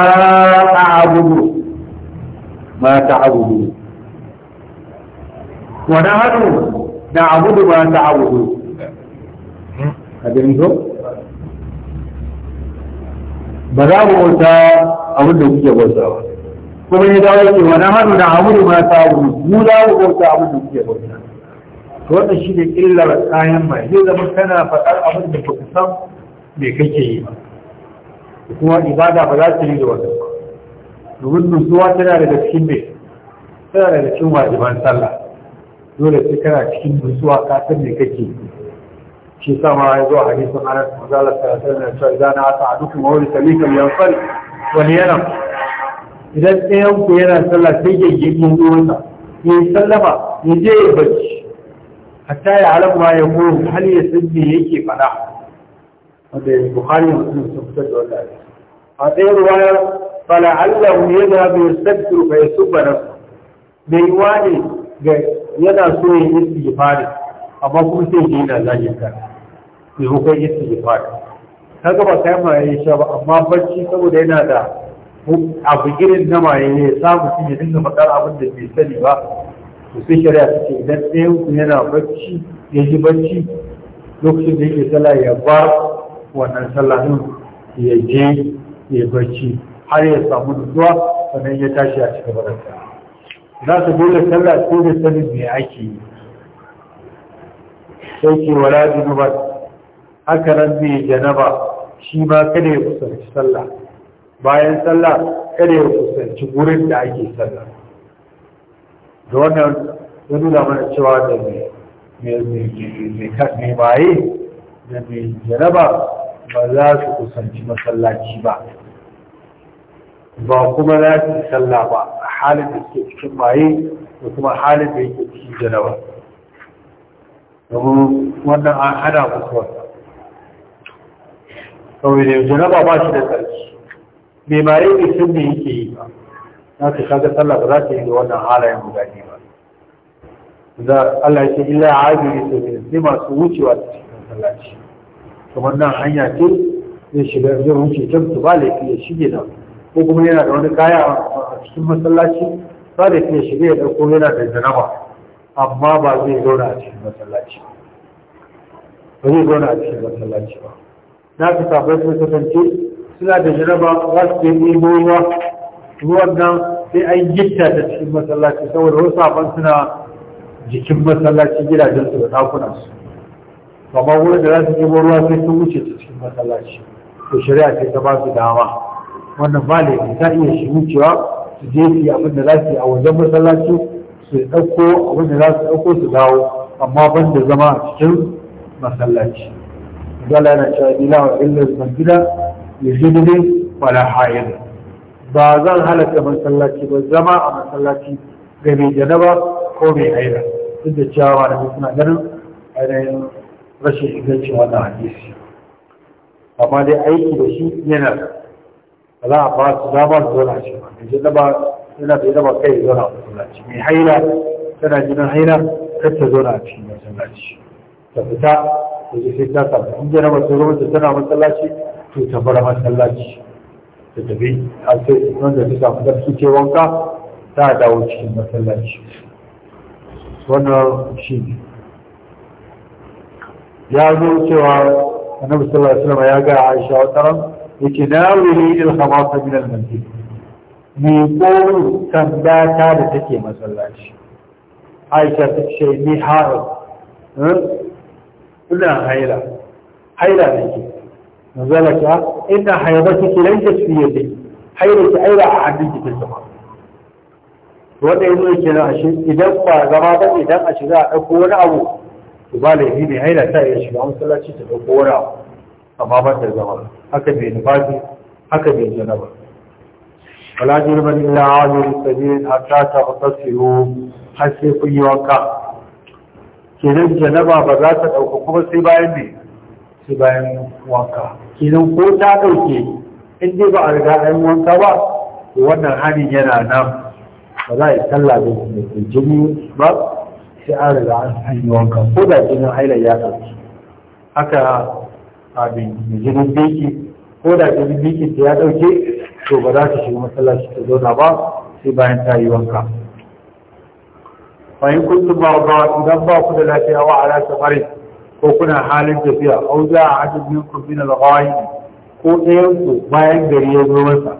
a abubu ma ta abubu wani hannu na'budu wa ta'budu jirin so? ba za mu bauta abin da kuke bauta ba kuma ni dawo yake wa da na'budu ma ta'budu mu za mu bauta abin da kuke bauta to wannan shi shine illar kayan mai zai zama kana faɗar abin da ba ka san me kake yi ba kuma ibada ba za ta yi da wannan domin nutsuwa tana daga cikin mai tana daga cikin wajiban sallah dole sai kana cikin nutsuwa ka san me kake shi sa ma ya zo a hadisin anas mazalar sarasar da cewa idan na asa a duk mawari salikal yanfal wani yana idan ɗayan ku yana sallah sai ya yi ɗuwansa ya yi sallama ya je ya bacci hatta ya halar ma ya muru hal ya san me yake faɗa wanda ya bukhari ya mutum sun fitar da wanda a ɗayan ruwaya fala allahu ya zaɓe ya sabbiru ka ya subba nasu mai yiwa ne ga yana so ya yi istighfari amma kuma sai ya na zagin ka ya hukun istighfari kaga gaba kai ma ya sha ba amma bacci saboda yana da abu girin na maye ne ya samu shi ya dinga faɗar abin da bai sani ba to sai shari'a ta ce idan ɗayan ku yana bacci ya ji bacci lokacin da yake sallah ya bar wannan sallah ya je ya bacci har ya samu nutsuwa sannan ya tashi a cikin barasa za su bude sallah ko da sanin me ake yi sai ke wala junuba haka nan mai janaba shi ma kada ya kusanci sallah bayan sallah kada ya kusanci wurin da ake sallah da wannan ya nuna mana cewa da mai maye da mai janaba ba za su kusanci masallaci ba ba kuma za su yi sallah ba a halin da ke cikin maye da kuma halin da yake cikin janaba ba. wannan an hana musu wasa kawai da janaba ba shi da tsarki mai maye ne sun ne yake yi ba za ka shaga salla ba za su yi da wannan halayen guda ba da Allah ya ce illa ajiri da sai masu wucewa cikin sallaci kamar nan hanya ce zai shiga zai wuce can su ba laifi ya shige nan ko kuma yana da wani kaya a cikin masallaci ba da ke shiga ya ɗauko yana da janaba amma ba zai zauna a cikin masallaci ba zai zauna a cikin masallaci ba na fi safai sun kasance suna da janaba za su je ɗin ruwa ruwan nan sai an gitta ta cikin masallaci saboda wasu safan suna jikin masallaci gidajen gidajensu da su amma wurin da za su ɗebo ruwa sai sun wuce ta cikin masallaci to shari'a ce ta ba su dama wannan ba da iya shi wucewa su je su yi abin da za su yi a wajen masallaci su ɗauko abin da za su ɗauko su dawo amma ban da zama a cikin masallaci zala yana cewa ila wa illa zambila ya ne wala hayar ba zan halatta masallaci ba zama a masallaci ga mai ba ko mai haira duk da cewa malamai suna ganin ainihin rashin ingancin wannan hadisi amma dai aiki da shi yana za a ba su damar zona ce mai jinaba yana da yana kai zona a masallaci mai haila tana jinin haila kar ta zona a cikin masallaci ta fita ta je sai ta samu in jinaba ta zama ta tana masallaci to ta bar masallaci ta tafi a sai wanda ta samu zarfi ce wanka ta dawo cikin masallaci wannan shi ne ya zo cewa annabi sallallahu alaihi wasallam ya ga Aisha wataran لتناوله الخواص من المنزل ميقول ثباتا لتكي مسلاش عائشة تكشي ميحارب قلنا حيلة حيلة نكي نزلك إن حيضتك ليست في يدي حيضتك أيضا عندك في الزمان wanda ya zai kira a shi idan ba zama ba idan a shiga a ɗauko wani abu to ba amma ba ta zama haka bai nufati haka bai jana ba wala jirban illa amir sabirin hatta ta fasiro har sai kun yi wanka kenan janaba ba za ta ɗauka kuma sai bayan ne sai bayan wanka kenan ko ta ɗauke in dai ba a riga an wanka ba to wannan hannun yana nan ba za a yi sallah da jini ba sai an riga an yi wanka ko da jinin hailar ya ɗauki haka abin jirgin biki ko da jirgin biki ta ya ɗauke to ba za ta shiga masallaci ta zauna ba sai bayan ta yi wanka bayan kuntum ba idan ba ku da lafiya wa ala safari ko kuna halin tafiya au za a hajji biyun ku bin ko ɗayan ku bayan gari ya zo masa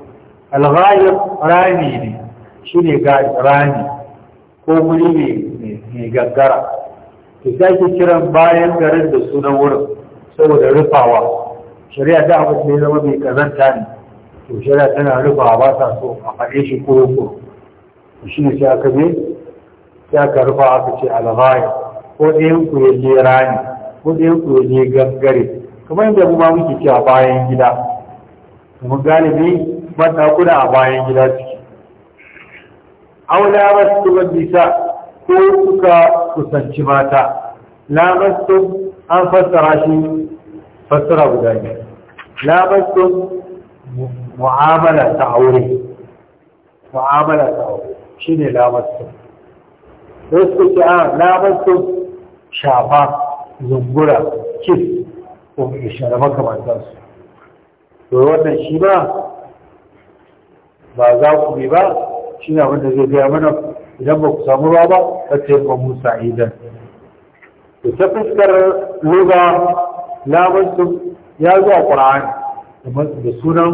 alghayi rani ne shi ne ga rani ko wuri ne mai gaggara to sake kiran bayan garin da sunan wurin saboda rufawa shari'a ta abu ne zama mai kazanta ne to shari'a tana rufawa ba sa so a faɗe shi ko ko shi ne sai aka je sai aka rufa aka ce alghaya ko ɗayan ku ya je rani ko ɗayan ku ya je gangare kamar yadda mu ma muke cewa bayan gida kuma galibi ban kuna a bayan gida suke aula masu bisa ko kuka kusanci mata lamastun an fassara shi fassara guda ne labastun mu'amala ta aure mu'amala ta aure shi ne labastun sai ke ce ah, a labastun shafa zungura kis ko ishara su. to wannan shi ba ba za ku bi ba shi ne abinda zai gaya mana idan ba ku samu ba ba ta yi ba musa idan to ta fuskar luga lamun ya zo a qur'ani da sunan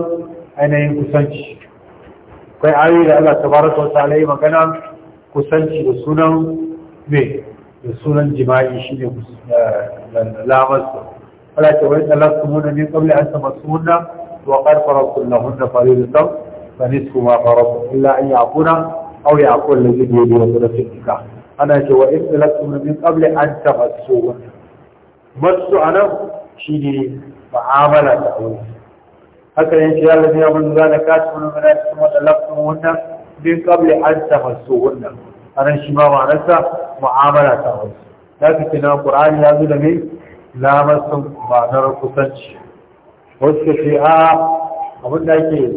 ainihin kusanci kai ayoyi da Allah tabaraka wa ta'ala yi magana kusanci da sunan me da sunan jima'i shine lamun Allah ta wani Allah su muna min qabli an tamassuhunna wa qad faradtum lahunna fariidatan فنصف ما فرض إلا أن يعفونا أو يعفو الذي بيده وسنة النكاح ana cewa in talaqtum min qabli an taɓa tamassu masu a nan shi ne mu'amala ta aure haka ne ya Allah ya mun zana kasu mun mana wani talaqtum wannan min qabli an taɓa tamassu wannan nan shi ma ma'anarsa mu'amala ta aure zaka kina Qur'ani ya zo da me lamasun ma'anar kusanci wasu ce a abin da ake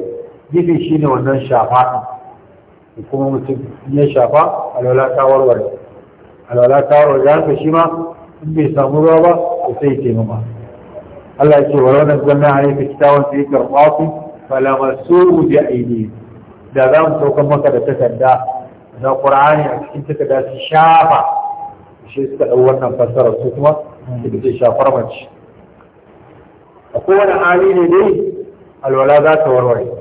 gifi ne wannan shafa'a kuma mutum ya shafa alwala ta warware alwala ta warware da haka shi ma in bai samu ruwa ba to sai ya taimama Allah ya ce walau na zanna alaika kitabun sai karfafu fala masu'u bi aidi da za mu saukan maka da takarda na qur'ani a cikin takarda su shafa shi suka dau wannan fassara su kuma suka ce shafar mace a kowane hali ne dai alwala za ta warware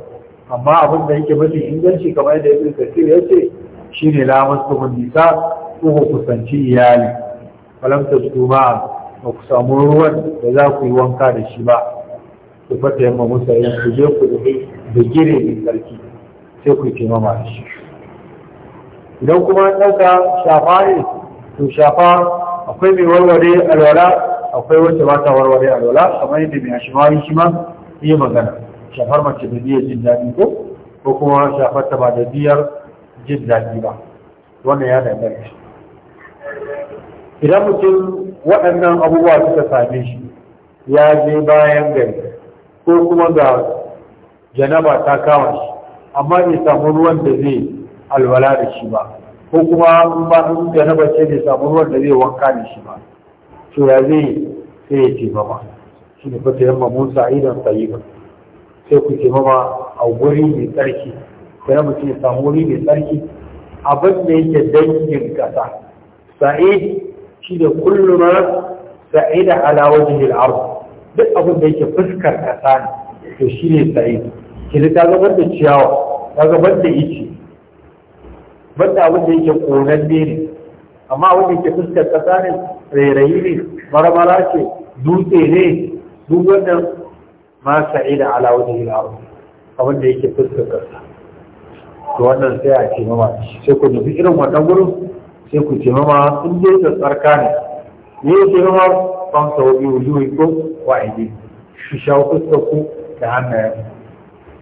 amma abin da yake mafi inganci kamar yadda ibn kasir ya ce shine la masbahun nisa ko ku kusanci iyali falam su kuma ba ku samu ruwan da za ku yi wanka da shi ba ku fata yamma musa yin ku je ku da gire mai sarki sai ku taimama da shi idan kuma an ɗauka shafa ne to shafa akwai mai warware alwala akwai wacce ba ta warware alwala kamar yadda mai shi ma yi magana shafar mace da biyar jin daɗi ko ko kuma shafar ta ba da biyar jin daɗi ba wannan ya danganta idan mutum waɗannan abubuwa suka same shi ya je bayan gari ko kuma ga janaba ta kama shi amma bai samu ruwan da zai alwala da shi ba ko kuma in ba in janaba ce bai samu ruwan da zai wanka da shi ba to ya zai sai ya ce ba ba shi ne fata yamma mun sa'idan sayi ba sai ku taimama a wuri mai tsarki sai mutum ya samu wuri mai tsarki abin da yake dangin kasa sa'id shi da kullum sa'ida ala wajhi al-ard duk abin da yake fuskar kasa ne to shi ne sa'id kili ta gabar da ciyawa ta gabar da Ban da abin da yake konanne ne amma abin da yake fuskar kasa ne rairayi ne marmara ce dutse ne duk wannan ma sa'ida ala wajhi al abin da yake fuskar kasa to wannan sai a ce mama sai ku nufi irin wannan gurin sai ku ce mama in dai da tsarka ne ne ya ce mama ban sa wabi wujuhi ko wa aidi ku shawo fuskar ku da hannayen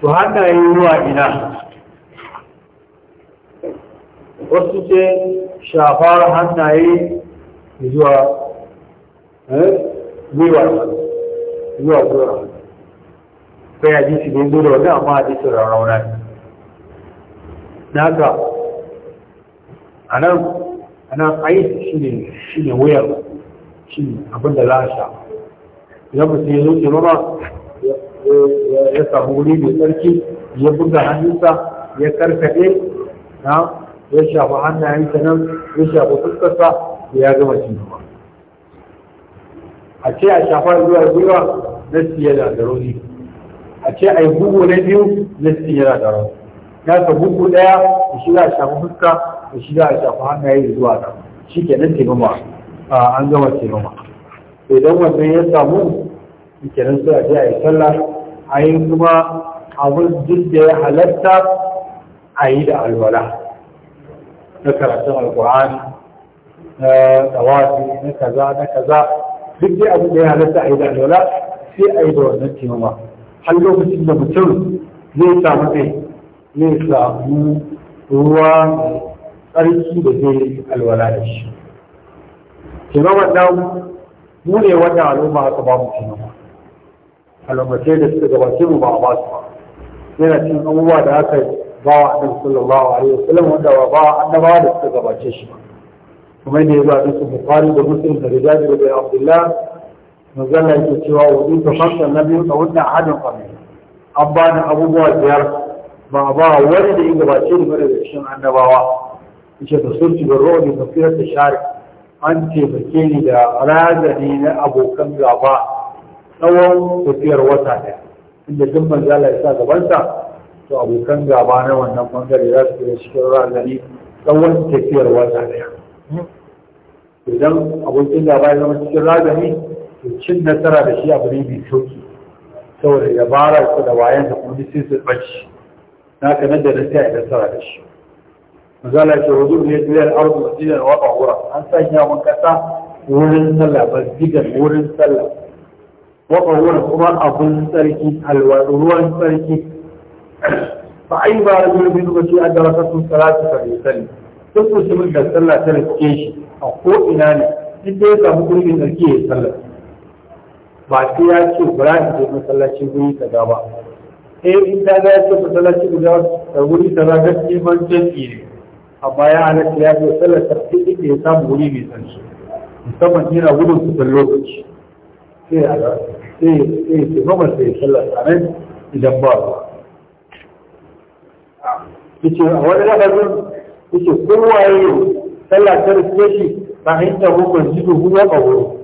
to hannaye ruwa ina wasu ce shafar hannaye zuwa eh, gwiwa zuwa gwiwa kai hadisi da ya zo da wani, amma hadisin rarrauna ne na haka a nan a nan aiki shi ne shi ne wuyar shi ne abin da za a sha idan mutum ya zo ke mama ya samu wuri mai tsarki ya buga hannunsa ya karkaɗe na ya shafa hannayensa nan ya shafa fuskarsa da ya gama cin gaba a ce a shafa zuwa zuwa na siya da ne. a ce a yi bugu na biyu na listin yana da rauni ya ka bugu ɗaya da shi za a shafi fuska da shi za a shafi hannaye zuwa nan shi ke nan taimama an gama taimama idan wannan ya samu ke nan sai a je a yi sallah a yi kuma abin duk da ya halatta a yi da alwala na karatun alkur'ani na tsawafi na kaza na kaza duk dai abin da ya halatta a yi da alwala sai a yi da wannan taimama har lokacin da mutum zai samu ne zai samu ruwa tsarki da zai alwala da shi kenan wannan mu ne wannan al'umma haka ba mu kenan al'ummatai da suka gabace mu ba a ba su ba yana cin abubuwa da aka ba wa annabi sallallahu alaihi sallam wanda ba ba annabawa da suka gabace shi ba kuma ne ya zo a cikin faru da muslim da rijabi da abdullah mazala yake cewa wudu ta fasa na biyu ta wuta hadin kwami an ba da abubuwa biyar ba ba wani da ya gabace da mara da cikin annabawa yace da sulci da ruwa da tafiyar da share an taimake ni da ragani na abokan gaba tsawon tafiyar wata ɗaya inda duk manzala ya sa gabansa to abokan gaba na wannan bangare za su iya cikin ragani tsawon tafiyar wata ɗaya hmm. idan abokin gaba ya zama cikin ragani. cin nasara da shi abu ne mai sauki saboda ya bara su da wayan da kuma sai su bace na ka nan da na sai nasara da shi mazala ce wudu ne da arzu cikin wa wura an sanya mun kasa wurin sallah zigar wurin sallah wa wura kuma abun tsarki ruwan tsarki fa ai ba da gurbin lokaci an da rasu salatu ka sani. duk min da sallah ta rike shi a ko ina ne in dai ya samu gurbin tsarki ya sallah ba sai ya ce ba za ta je masallaci guri kaza ba eh in ta ga ya ce masallaci guda guri kaza gaskiya man jami'i ne amma ya halatta ya ce sallar tafi da ya samu wuri mai tsanci musamman yana gudun kusan lokaci sai a ga sai sai sai mamar sai sallar tsanan idan ba ruwa yace a wani lafazin yace kowa yayi sallar ta ba a yi ko ban ji duhu a ko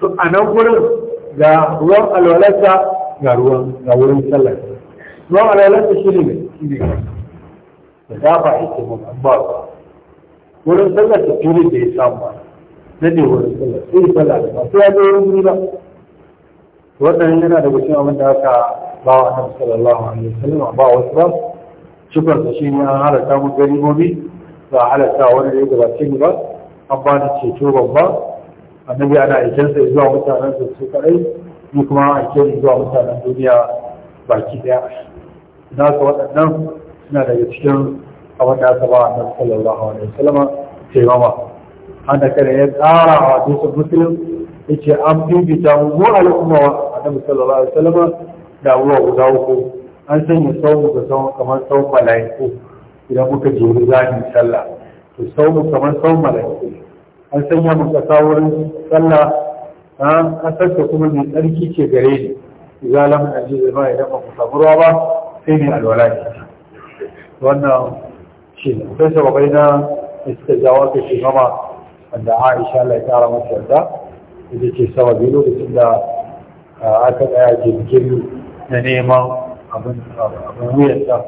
to a nan gurin ga ruwan alwalarsa ga ruwan ga wurin sallar ruwan alwalarsa shi ne shi ne da dafa ita mun ba ruwa wurin sallar ta fili da ya samu ba na ne wurin sallar sai sallar da masu yaje wurin zo ba wannan yana da cikin abin da aka ba wa annabi sallallahu alaihi wasallam ba wasu ba da sa shine an halatta mu garibobi ba halatta da ya gabace ni ba an ba ni ceto babba annabi ana aikensa zuwa mutanen su su kadai ni kuma aikin zuwa mutanen duniya baki daya na ka waɗannan suna daga cikin abin da aka ba a nan sallallahu alaihi wasallama taimama da kada ya tsara a musulun, ya ce an bibita mu al'umma wa annabi sallallahu alaihi wasallama da ruwa guda uku an sanya sau da sau kamar sau mala'iku idan muka jeri zamin sallah to sau kamar sau mala'iku an sanya mu ƙasa wurin sallah a ƙasar da kuma mai tsarki ce gare ni idan lam ajiz ma idan ba ku samu ruwa ba sai ne alwala ne wannan shi ne sai sababai na istijawa ta shi mama wanda Aisha Allah ya kara mata yarda ita ce sababi lokacin da aka tsaya jirgin na neman abin abin wuyarsa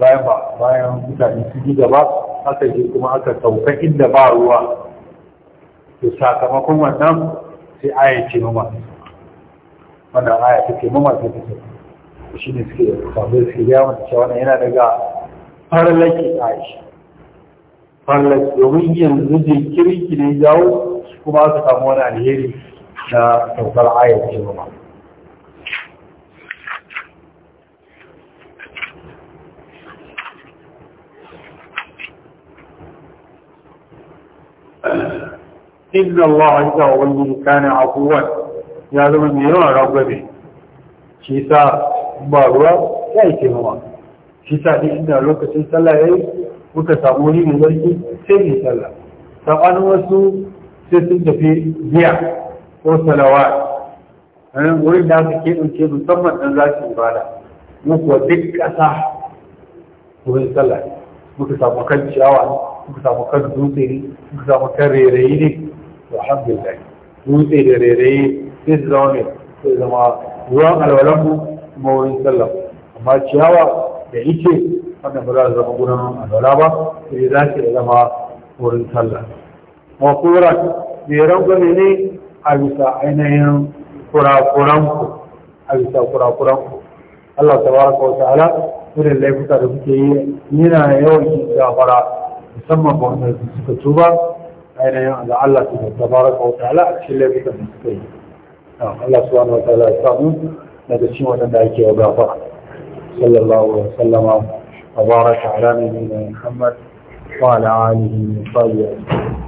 bayan ba bayan mutane su ji gaba aka je kuma aka sauka inda ba ruwa to sakamakon wannan sai aya ce mama wannan aya take mama ta take shi ne suke sabbin suke gaya mata cewa wannan yana daga farlaki shi farlaki domin yanzu jinkiri ki ne jawo kuma aka samu wani alheri na saukar aya ce mama inna Allah hakika ubangiji kana afuwan ya zama mai yawan ragwabe shi sa ba ruwa ya yi taimawa shi sa duk inda lokacin sallah yayi muka samu wuri mai zarki sai mai sallah sabanin wasu sai sun tafi biya ko salawa wurin da aka keɓance musamman ɗan za su ibada mu kuwa duk ƙasa wurin sallah muka samu kan ciyawa muka samu kan dutse ne muka samu kan rairayi ne to alhamdulillah dutse da rairayi sai zama mai sai zama ruwan alwalanmu kuma wurin amma ciyawa da ice wannan ba za su zama gurin alwala ba sai za su zama wurin sallah makuran jeron gwani ne a bisa ainihin Allah ta baraka irin laifuka da kuke yi yana yawan musamman ba wanda suka tuba أين لعلكم تبارك وتعالى شلي بكم نعم، الله سبحانه وتعالى يسلم نبتشي ونبعيك وبعضك صلى الله وسلم وبارك على نبينا محمد وعلى آله وصحبه أجمعين